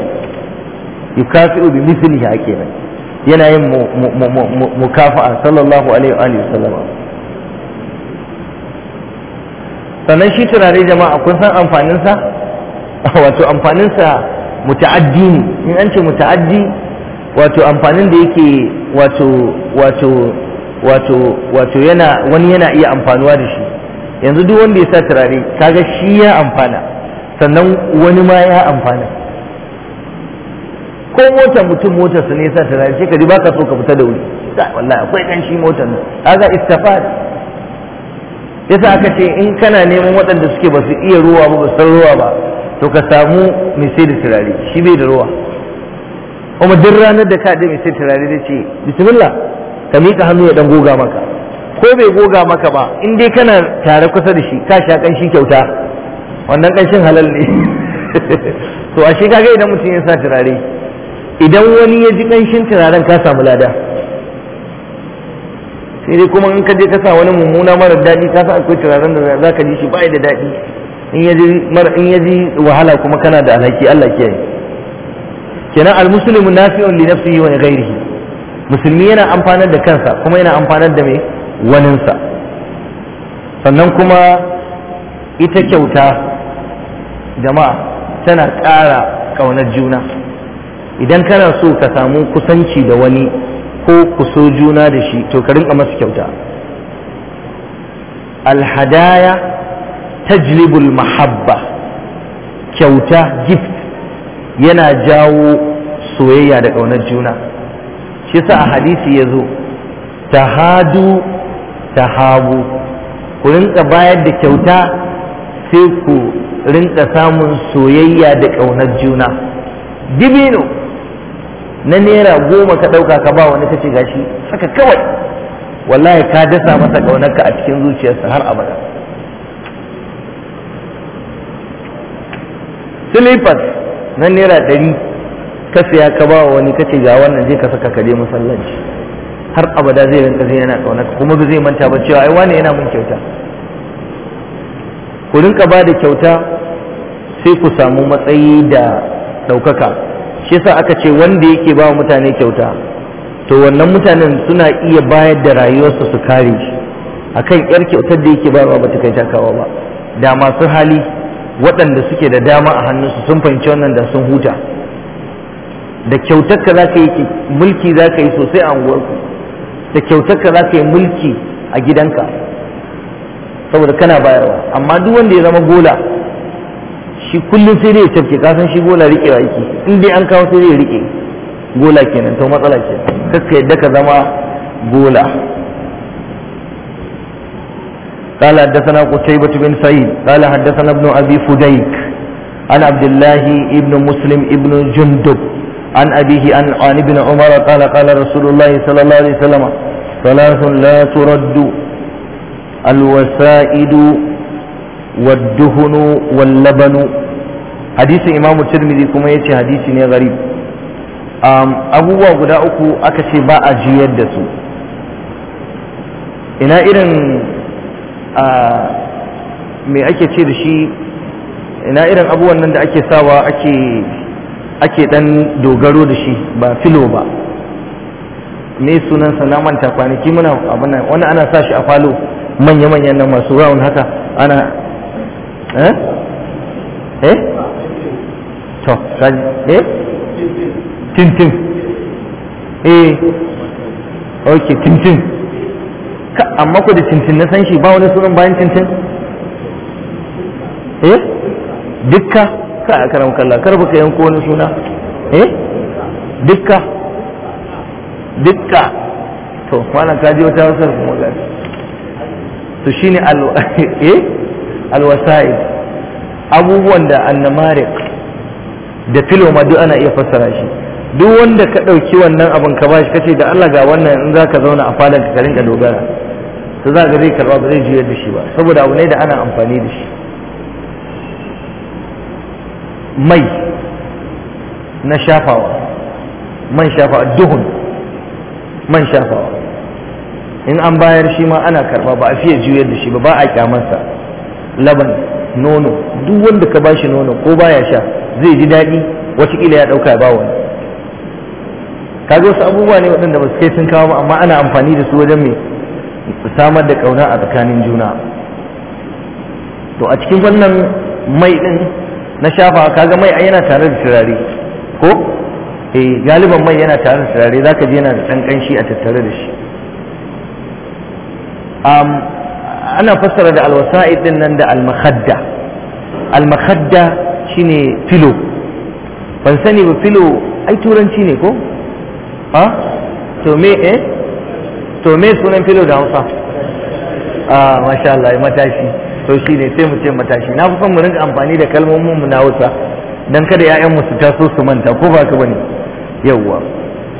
bi mislihi kenan yana yin mukafa'a sallallahu alaihi wa sallama sannan shi turare jama'a kun san amfaninsa wato amfaninsa muta'addi ne in an ce muta'addi wato amfanin da yake wato wato wato wato yana wani yana iya amfanuwa da shi yanzu duk wanda ya sa turare kaga shi ya amfana sannan wani ma ya amfana ko motar mutum motar su ne sa ta rayu ka ji ba ka so ka fita da wuri wallahi akwai kanshi motar nan kaga istifad yasa aka ce in kana neman waɗanda suke ba su iya ruwa ba ba san ruwa ba to ka samu mai sai da turare shi bai da ruwa kuma duk ranar da ka je mai sai turare da ce bismillah ka miƙa hannu ya dan goga maka ko bai goga maka ba in dai kana tare kusa da shi ka sha ƙanshi kyauta wannan ƙanshin halal ne to ashe ga idan mutum ya sa turare idan wani ya ji ƙanshin turaren ka samu lada sai dai kuma in ka je ka sa wani mummuna mara daɗi ka sa akwai turaren da za ka ji shi ba da daɗi in ya ji wahala kuma kana da alhaki Allah kiyaye kenan almuslimu nafi'un li nafsihi wa ghairihi musulmi yana amfanar da kansa kuma yana amfanar da mai waninsa sannan kuma ita kyauta jama'a tana ƙara ƙaunar juna idan kana so ka samu kusanci da wani ko ku so juna da shi to ka rinka masa kyauta alhadaya tajlibul mahabba kyauta gift yana jawo soyayya da ƙaunar juna shi sa a hadisi ya zo ta hadu ta hagu ku rinka bayar da kyauta sai ku rinka samun soyayya da ƙaunar juna dibino na naira goma ka ɗauka ka ba wani kace gashi haka kawai wallahi ka dasa masa ƙaunarka a cikin zuciyarsa har abada silifas na naira ɗari ka siya ka ba wani kace ga wannan je ka saka ka je masallaci har abada zai rinka zai yana ƙaunarka kuma ba zai manta ba cewa ai wani yana mun kyauta ku rinka ba da kyauta sai ku samu matsayi da ɗaukaka shi yasa aka ce wanda yake ba mutane kyauta to wannan mutanen suna iya bayar da rayuwarsa su kare shi akan yar kyautar da yake ba ba ta kai takawa ba da masu hali waɗanda suke da dama a hannunsu sun fahimci wannan da sun huta da kyautarka za ka yi mulki za ka yi sosai a unguwarku da kyautarka za ka yi mulki a gidanka saboda kana bayarwa amma duk wanda ya zama gola shi kullum sai dai ya cafke kasan shi gola wa yake in dai an kawo sai dai ya rike gola kenan to matsala ce kakka yadda ka zama gola قال حدثنا قتيبة بن سعيد قال حدثنا ابن أبي فديك عن عبد الله ابن مسلم ابن جندب عن أبيه عن, عن ابن عمر قال قال رسول الله صلى الله عليه وسلم ثلاث لا ترد الوسائد والدهن واللبن حديث إمام الترمذي كما يتي حديث غريب abubuwa guda uku aka ce ba a jiyar da su ina irin me ake ce da shi ina irin abubuwan nan da ake sawa ake ake dan dogaro da shi ba filo ba me sunansa na manta kwanaki muna abin wani ana sa shi a falo manya-manyan nan masu raun haka ana eh eh to sai eh tintin eh okay tintin ka amma ko da tintin na san shi ba wani sunan bayan tintin eh dukka ka a karam kalla kar baka yanko wani suna eh dukka dukka to wannan kaji wata wasar kuma gashi shi shine eh? alwasa'id abubuwan da annamarik da filoma duk ana iya fassara shi duk wanda ka ɗauki wannan abin ka bashi kace da Allah ga wannan in zaka zauna a falon ka rinka dogara to za ka zai karba ba zai juyar da shi ba saboda abu ne da ana amfani da shi mai na shafawa man shafawa duhun man shafawa in an bayar shi ma ana karba ba a fiye juyar da shi ba ba a kyamarsa laban nono duk wanda ka bashi nono ko baya sha zai ji daɗi watakila ya ɗauka ya ba wani zo wasu abubuwa ne waɗanda ba su kai sun kawo amma ana amfani da su wajen mai samar da ƙauna a tsakanin juna to a cikin wannan mai ɗin na shafa kaga mai yana tare da turare ko eh, galiban mai yana tare da turare za ka je yana da ɗan ƙanshi a tattare da shi Um, ana fassara da alwasa'id din nan da almakhadda almakhadda shine filo ban sani ba filo ai turanci ne ko ha to me eh to me sunan filo da hausa ah masha Allah matashi to shine sai mu ce matashi na fi son mu rinka amfani da kalmomin mu na hausa dan kada ƴaƴan mu su taso su manta ko ba ka bane yawwa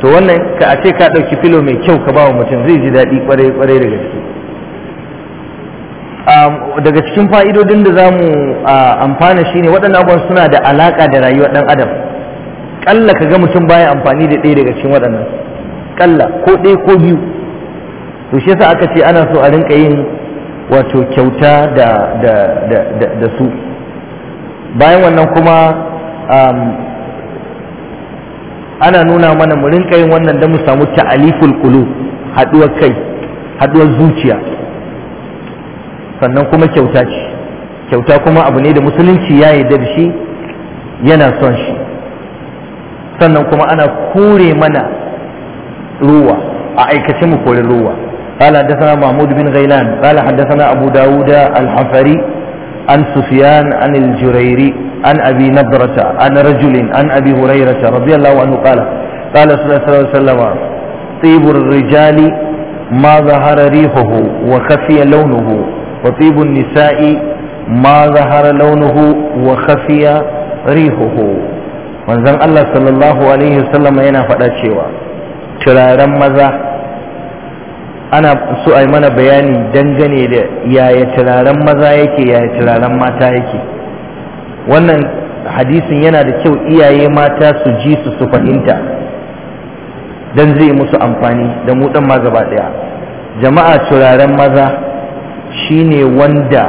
to wannan ka a ce ka ɗauki filo mai kyau ka ba wa mutum zai ji daɗi kwarai kwarai da gaske Um, daga cikin fa'idodin da za mu uh, amfana shine waɗannan abubuwan suna da alaƙa da rayuwar ɗan adam ƙalla ka ga mutum baya amfani da ɗaya daga cikin waɗannan ƙalla ko ɗaya ko biyu to shi yasa aka ce ana so a rinka yin wato kyauta da su bayan wannan kuma um, ana nuna mana mu rinka yin wannan don mu samu ta'aliful qulub haɗuwar kai haɗuwar zuciya sannan kuma kyauta ce kyauta kuma abu ne da musulunci ya yarda da shi yana son shi sannan kuma ana kore mana ruwa a aikace mu kore ruwa قال حدثنا محمود بن غيلان قال حدثنا أبو داود الحفري عن سفيان عن الجريري عن أبي نضرة عن رجل عن أبي هريرة رضي الله عنه قال قال صلى الله عليه وسلم طيب الرجال ما ظهر ريحه وخفي لونه وطيب النساء ما ظهر لونه وخفي ريحه Wanzan Allah sallallahu alaihi wasallam yana faɗa cewa turaren maza ana so a mana bayani dangane da yaya turaren maza yake yaya turaren mata yake wannan hadisin yana da kyau iyaye mata su ji su su fahimta don zai musu amfani da mu ma gaba ɗaya jama'a turaren maza Shi ne wanda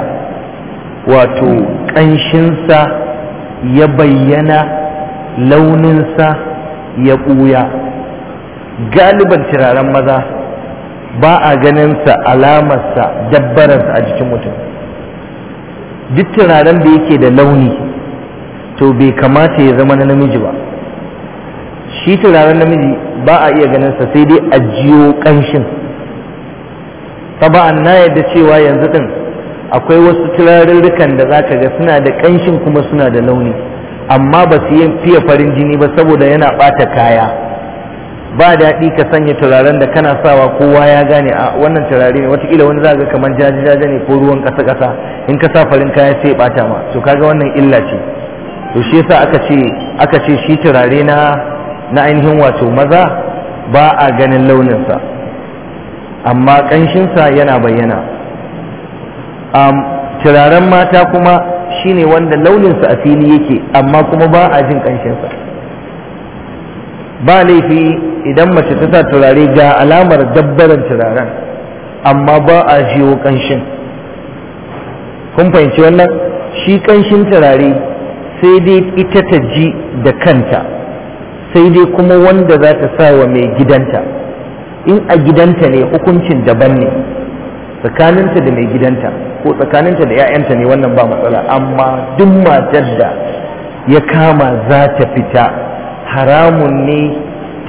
wato ƙanshinsa ya bayyana launinsa ya ɓuya galiban turaren maza ba a ganinsa alamarsa dabbararsa a jikin mutum duk turaren da yake da launi to bai kamata ya zama na namiji ba shi turaren namiji ba a iya ganinsa sai dai a jiyo ƙanshin taba'an na yadda cewa yanzu din akwai wasu turarurrukan da zaka ga suna da kanshin kuma suna da launi amma ba su yi fiye farin jini ba saboda yana bata kaya ba daɗi ka sanya turaren da kana sawa kowa ya gane a wannan turare ne watakila wani za ga kamar jaji-jaji ne ko ruwan ƙasa-ƙasa in ka sa farin kaya sai bata ma to kaga wannan illa ce to shi yasa aka ce aka ce shi turare na na ainihin wato maza ba a ganin launinsa amma ƙanshinsa yana bayyana turaren mata kuma shine wanda launinsa a fili yake amma kuma ba a jin ƙanshinsa ba laifi idan mace ta sa turare ga alamar dabbaran turaren amma ba a jiwo ƙanshin kun fahimci wannan shi ƙanshin turare sai dai ita ta ji da kanta sai dai kuma wanda za ta sa wa mai gidanta in a gidanta ne hukuncin daban ne tsakaninta da mai gidanta ko tsakaninta da 'ya'yanta ne wannan ba matsala amma duk matar da ya kama za ta fita haramun ne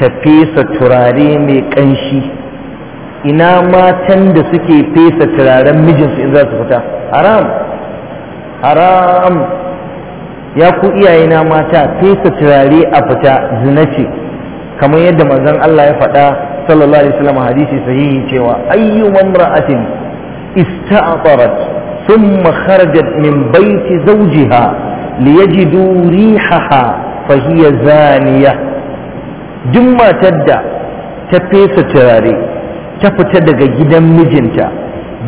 ta fesa turare mai ƙanshi ina matan da suke fesa turaren mijinsu in za su fita haram haram ya ku iyayena mata fesa turare a fita zina ce kamar yadda manzon Allah ya faɗa sallallahu alaihi wasallam hadisi sahihi cewa ayyu mamra'atin ista'tarat thumma kharajat min bayti zawjiha liyajidu rihaha fa hiya zaniya duk matar da ta fesa turare ta fita daga gidan mijinta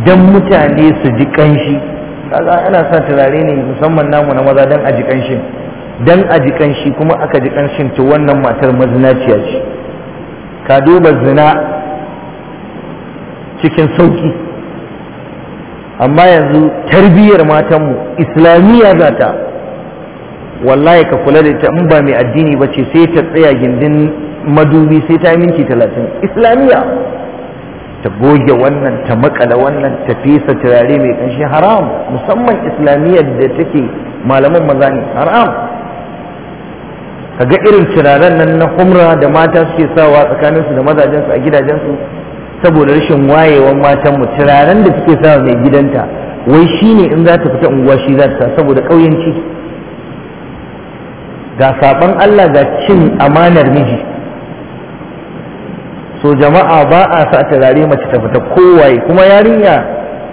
don mutane su ji kanshi kaga ana sa turare ne musamman namu na maza dan a ji kanshin a ji kanshi kuma aka ji kanshin to wannan matar mazinaciya ce ka duba zina cikin sauki amma yanzu tarbiyyar matanmu islamiyya za ta wallahi ka kula da ita in ba mai addini ba ce sai ta tsaya gindin madubi sai ta minti talatin islamiyya ta goge wannan ta makala wannan ta fesa turare mai kanshi haram musamman islamiyyar da take malaman maza ne haram Ka ga irin ciraren nan na humra da mata suke sawa tsakaninsu da mazajensu a gidajensu saboda rashin wayewan matan mu da suke sawa mai gidanta wai shine in za ta fita unguwa shi za ta saboda ƙauyenci ga saban Allah ga cin amanar miji so jama'a ba a sa turare mace ta fita kowaye kuma yarinya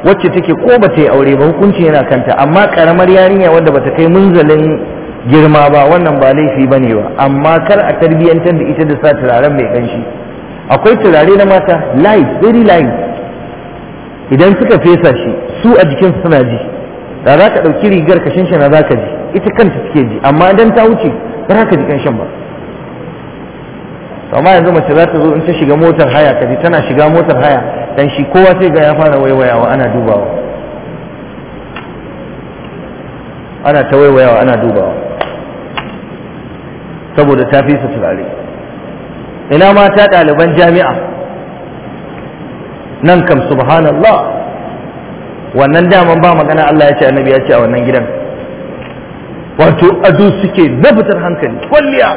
wacce take ko ba ta yi aure ba hukunci yana kanta amma karamar yarinya wanda ba ta kai munzalin girma ba wannan ba laifi ba ne ba amma kar a tarbiyyantar da ita da sa turaren mai kanshi akwai turare na mata lai very lai idan suka fesa shi su a jikinsu suna ji da za ka ɗauki rigar ka na za ka ji ita kanta suke ji amma idan ta wuce ba za ka ji kanshin ba amma yanzu mace za ta zo in ta shiga motar haya ka ji tana shiga motar haya dan shi kowa sai ga ya fara waiwayawa ana dubawa ana ta waiwayawa ana dubawa saboda ta fi su turare ina mata ɗaliban jami'a nan kam subhanallah wannan daman ba magana Allah ya ce annabi ya ce a wannan gidan wato ado suke na fitar hankali kwalliya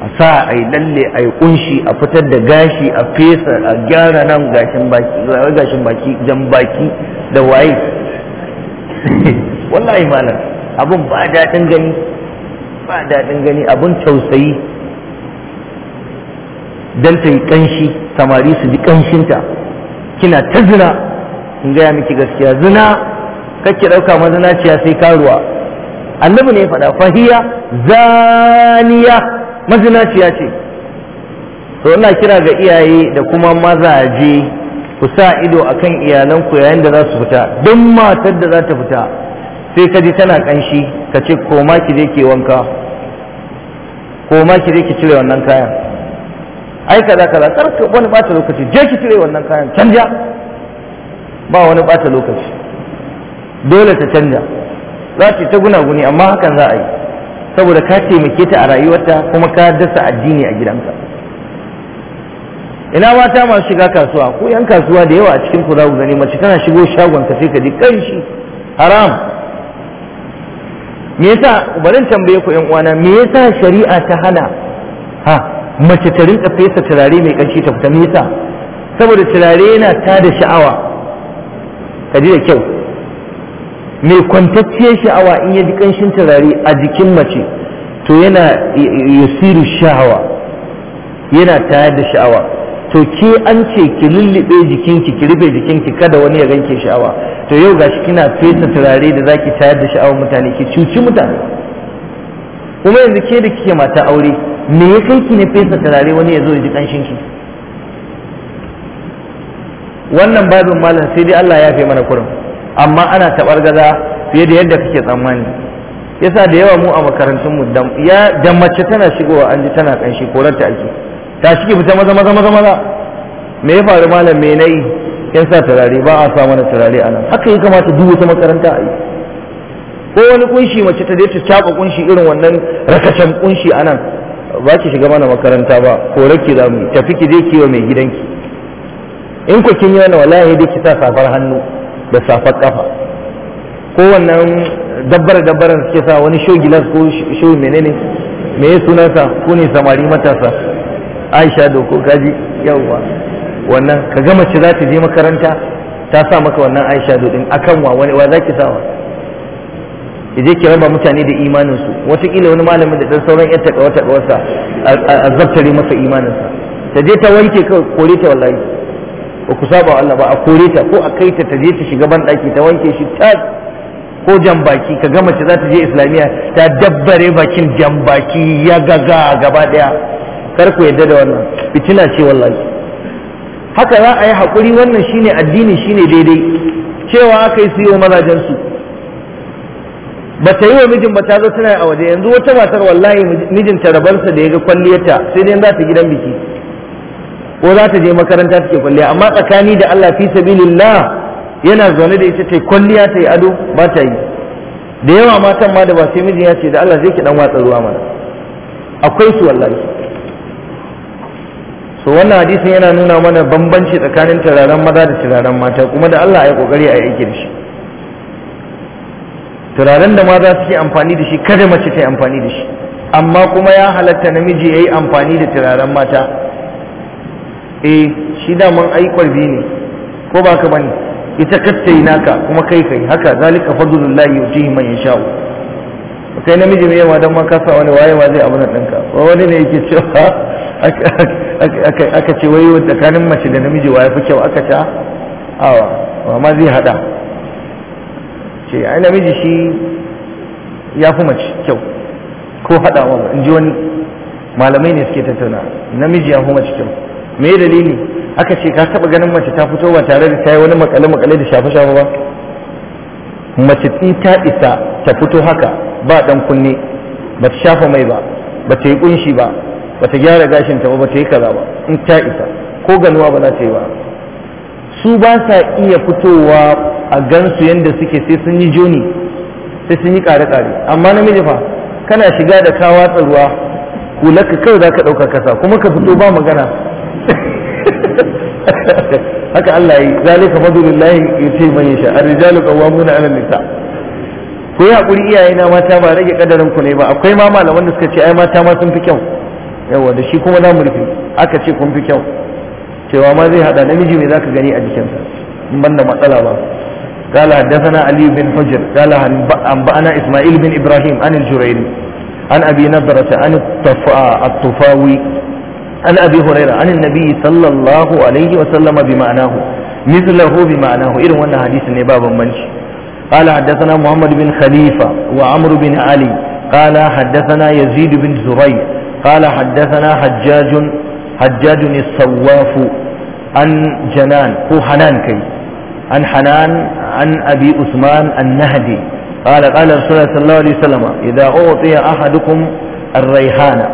a sa a yi lalle a yi kunshi a fitar da gashi a fesa a gyara nan gashin baki jan baki da waye wallahi malam abun ba daɗin gani ba daɗin gani abun tausayi dan ta yi ƙanshi samari su ji ƙanshinta kina ta zina in gaya miki gaskiya zina kake ɗauka mazinaciya sai karuwa annabi ne ya faɗa fahiya zaniya mazinaciya ce to ina kira ga iyaye da kuma mazaje ku sa ido akan iyalanku yayin da za su fita don matar da za ta fita sai ka ji tana ƙanshi ka ce koma ki je ke wanka koma ki je ki cire wannan kayan ai kaza kaza karka wani bata lokaci je ki cire wannan kayan canja ba wani bata lokaci dole ta canja za ta ta gunaguni amma hakan za a yi saboda ka taimake ta a rayuwarta kuma ka dasa addini a gidanka ina mata masu shiga kasuwa ko yan kasuwa da yawa a cikin ku za ku gani mace tana shigo shagon ka sai ka ji kanshi haram me yasa barin tambaye ku yan uwana me yasa shari'a ta hana ha mace ta rinka fesa turare mai kanshi ta fita me yasa saboda turare yana ta da sha'awa ka ji da kyau mai kwantacciyar sha'awa in ya ji kanshin turare a jikin mace to yana yasiru sha'awa yana ta da sha'awa to ke an ce ki lullube jikinki ki rufe jikinki kada wani ya ganke sha'awa to yau gashi kina fesa turare da zaki tayar da sha'awar mutane ki cuci mutane kuma yanzu ke da kike mata aure me ya kai ki ne fesa turare wani ya zo ya ji kanshin ki wannan babin malam sai dai Allah ya fi mana kurin amma ana tabar gaza fiye da yadda kake tsammani yasa da yawa mu a makarantun mu da mace tana shigowa an ji tana kanshi korarta ake ta shi fita maza maza maza maza me ya faru malam me nayi yan sa turare ba a sa mana turare a nan haka ya kamata duk wata makaranta a yi ko wani kunshi mace ta je ta caba kunshi irin wannan rakacin kunshi a nan ba ki shiga mana makaranta ba ko rake za mu tafi ki je kiwo mai gidanki in ku kin yi wannan wallahi dai ki sa safar hannu da safar kafa ko wannan dabbar dabbar suke sa wani shogilas ko shoyi menene me sunansa ko ne samari matasa aisha doko kaji yawa wannan ka gama ci za ta je makaranta ta sa maka wannan aisha din akan wa wani wa zaki sawa je ke raba mutane da imanin su wataƙila wani malamin da dan sauran yan takawa takawarsa a zabtare masa imanin sa ta je ta wanke ka kore ta wallahi ba ku saba Allah ba a kore ta ko a kai ta ta je ta shiga ban daki ta wanke shi ta ko jambaki ka gama mace za ta je islamiya ta dabbare bakin jambaki ya gaga gaba daya kar ku yadda da wannan fitina ce wallahi haka za a yi haƙuri wannan shine addini shine daidai cewa aka yi su yi wa mazajensu ba ta yi wa mijin ba ta zo tana a waje yanzu wata matar wallahi mijin rabarsa da ya ga kwalliyarta sai dai za ta gidan biki ko za ta je makaranta take kwalliya amma tsakani da Allah fi sabilillah yana zaune da ita ta kwalliya ta yi ado ba ta yi da yawa matan ma da ba sai mijin ya ce da Allah zai ki dan watsa ruwa mana akwai su wallahi so wannan hadisin yana nuna mana bambanci tsakanin turaren maza da turaren mata kuma da Allah ya kokari a aiki da shi turaren da maza suke amfani da shi kada mace ta yi amfani da shi amma kuma ya halatta namiji ya yi amfani da turaren mata eh shi daman ai kwarbi ne ko ba ka bane ita kasta naka kuma kai kai haka zalika fadlullahi yutihi man yasha sai namiji mai yawa don makasa wani waye ma zai abunan ɗinka ko wani ne yake cewa aka ce wai tsakanin mace da namiji waye fi kyau aka ta ah, awa wa ma zai hada ce ai namiji shi ya fi mace kyau ko hada wa in ji wani malamai ne suke tattauna namiji ya fi mace kyau me dalili aka ce ka taba ganin mace ta fito ba tare da ta yi wani makale makale da shafe shafe ba mace ta isa ta fito haka ba dan kunne ba ta shafa mai ba ba ta yi kunshi ba ba ta gyara gashinta ba ba ta yi kaza ba in ta isa ko ganuwa ba za ta yi ba su ba sa iya fitowa a gansu yadda suke sai sun yi joni sai sun yi kare-kare amma namiji fa kana shiga da kawa ruwa hulaka kawai za ka ɗauka kasa kuma ka fito ba magana haka Allah ya yi zalika madulillahi yace man yasha ar-rijalu qawwamuna 'ala an-nisa' ko ya hakuri iyaye na mata ba rage kadarin ku ne ba akwai ma malaman da suka ce ai mata ma sun fi kyau yawa da shi kuma za mu rufe aka ce kun fi kyau cewa ma zai hada namiji me zaka gani a jikinsa in ban da matsala ba قال حدثنا علي بن حجر قال أنبأنا إسماعيل بن إبراهيم عن الجريري عن أبي نضرة عن الطفاوي عن أبي هريرة عن النبي صلى الله عليه وسلم بمعناه مثله بمعناه إذن وانا حديث نباب منشي قال حدثنا محمد بن خليفة وعمر بن علي قال حدثنا يزيد بن زريع قال حدثنا حجاج حجاج الصواف عن جنان هو حنان كي عن حنان عن أبي أثمان النهدي قال قال رسول الله صلى الله عليه وسلم إذا أعطي أحدكم الريحانة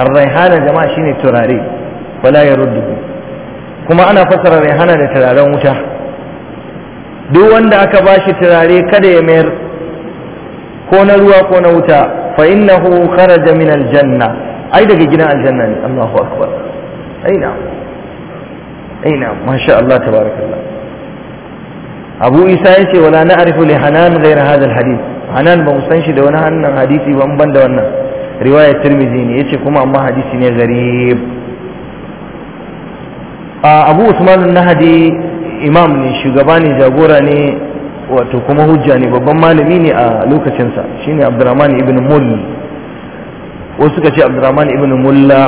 الريحانة جماعة شيني تراري فلا يرده كما أنا فسر الريحانة لتراري ومتاح duk wanda aka ba shi turare kada ya mayar ko na ruwa ko na wuta fa innahu kharaja min aljanna ai daga gidan aljanna ne Allahu akbar aina aina masha Allah tabarakallah Abu Isa yace wala na'rifu li Hanan ghayr hadha alhadith Hanan ba mu san shi da wani hannan hadisi ban ban da wannan riwaya Tirmidhi ne yace kuma amma hadisi ne gharib Abu Usman an-Nahdi imam ne shugaba ne jagora ne wato kuma hujja ne babban malami ne a lokacinsa shine abdurrahman ibn mull wasu suka ce abdurrahman ibn mulla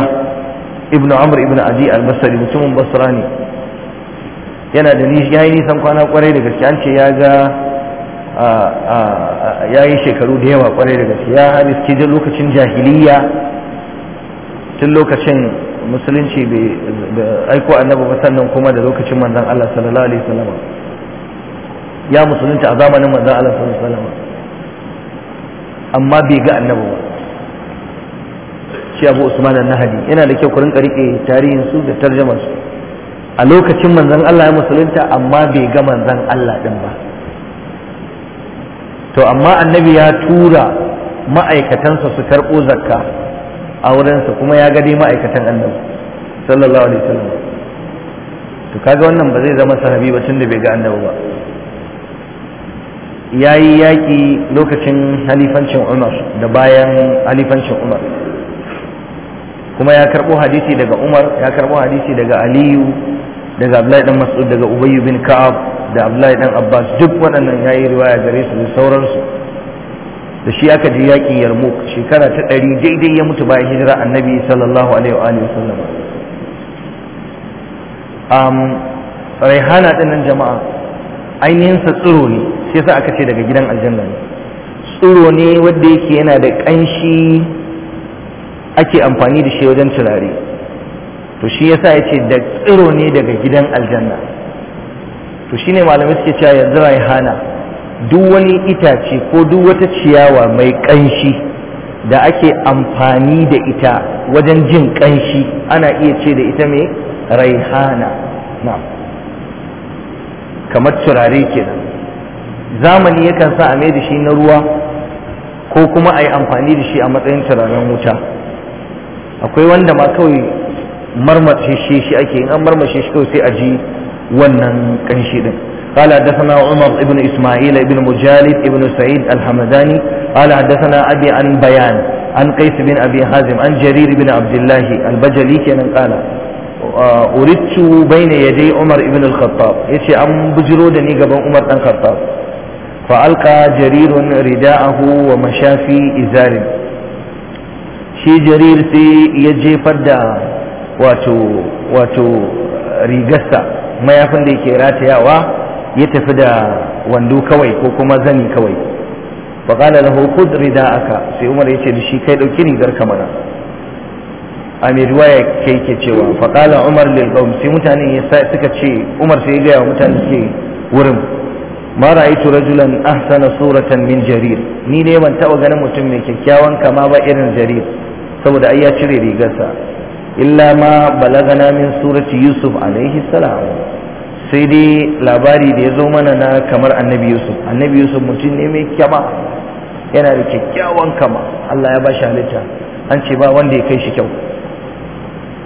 ibn amr ibn adi al-basri mutumin basra ne yana da nishi yayi nisan kwana kwarai da gaske an ce ya ga ya yi shekaru da yawa kwarai da gaske ya hariske lokacin jahiliya tun lokacin musulunci bai aiko annabi ba sannan kuma da lokacin manzan Allah sallallahu alaihi wasallam ya musulunta a zamanin manzan Allah sallallahu alaihi wasallam amma bai ga annabi ba shi Abu Usman an-Nahdi yana da kyau ku karike tarihin su da tarjuman su a lokacin manzan Allah ya musulunta amma bai ga manzan Allah din ba to amma annabi ya tura ma'aikatansa su karbo zakka a wurinsa kuma ya gade ma'aikatan annabi sallallahu alaihi wasallam to kaga wannan ba zai zama sahabi ba tunda bai ga annabi ba yayi yaki lokacin halifancin Umar da bayan halifancin Umar kuma ya karbo hadisi daga Umar ya karbo hadisi daga Aliyu daga Abdullahi dan Mas'ud daga Ubayy bin Ka'ab da Abdullahi dan Abbas duk waɗannan yayi riwaya gare su da sauransu da shi aka ji yaƙi yarmuk shekara ta ɗari daidai ya mutu bayan hijira annabi sallallahu alaihi wa sallam um, raihana ɗinnan jama'a ainihin sa tsiro ne shi yasa aka ce daga gidan aljanna ne tsiro ne wanda yake yana da ƙanshi ake amfani da shi wajen turare to shi yasa ya ce da tsiro ne daga gidan aljanna to shine malamai suke cewa yanzu raihana duk wani itace ko duk wata ciyawa mai ƙanshi da ake amfani da ita wajen jin ƙanshi ana iya ce da ita mai raihana na. kamar turare kenan zamani yakan sa a da shi na ruwa ko kuma a yi amfani da shi a matsayin turaren wuta akwai wanda ma kawai marmashe shi ake yi, an marmashe shi kawai sai a ji wannan ƙanshi din قال حدثنا عمر بن إسماعيل بن مجالد بن سعيد الحمداني قال حدثنا أبي عن بيان عن قيس بن أبي حازم عن جرير بن عبد الله البجلي كان قال أردت بين يدي عمر بن الخطاب يشي أم بجرو دني قبل عمر بن الخطاب فألقى جرير رداءه ومشى في إزار شي جرير سي يجي فدا واتو واتو ريقسا ما يفن دي كيراتي ya tafi da wando kawai ko kuma zani kawai fa qala lahu khud rida'aka sai umar ce da shi kai dauki rigar ka mana a mai riwaya kai ke cewa fa umar lil sai mutanen suka ce umar sai ya wa mutane ke wurin ma ra'aytu rajulan ahsana suratan min jarir ni ne ban taba ganin mutum mai kyakkyawan kama ba irin jarir saboda ai ya cire rigarsa illa ma balagana min surati yusuf alaihi salam sai dai labari da ya zo mana na kamar annabi yusuf annabi yusuf mutum ne mai kyama yana da kyakkyawan kama allah ya ba shi halitta an ce ba wanda ya kai shi kyau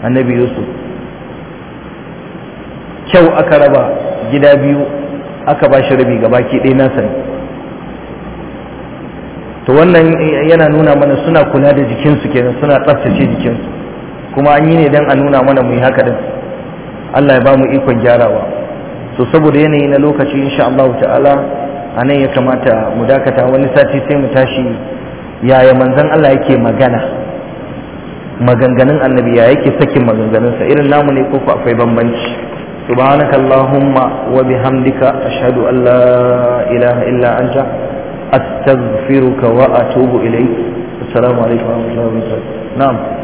annabi yusuf kyau aka raba gida biyu aka ba shi rabi gaba ke ɗaya nasa ne to wannan yana nuna mana suna kula da jikinsu kenan suna tsaftace jikinsu kuma an yi ne don a nuna mana mu yi haka din allah ya ba mu ikon gyarawa to saboda yanayi na lokaci insha Allah ta'ala a nan ya kamata mu dakata wani sati sai mu tashi yaya manzan Allah yake magana maganganun annabi ya yake sakin maganganunsa irin namu ne koko akwai bambanci سبحانك اللهم وبحمدك أشهد أن لا إله إلا أنت أستغفرك وأتوب إليك السلام عليكم ورحمة الله وبركاته نعم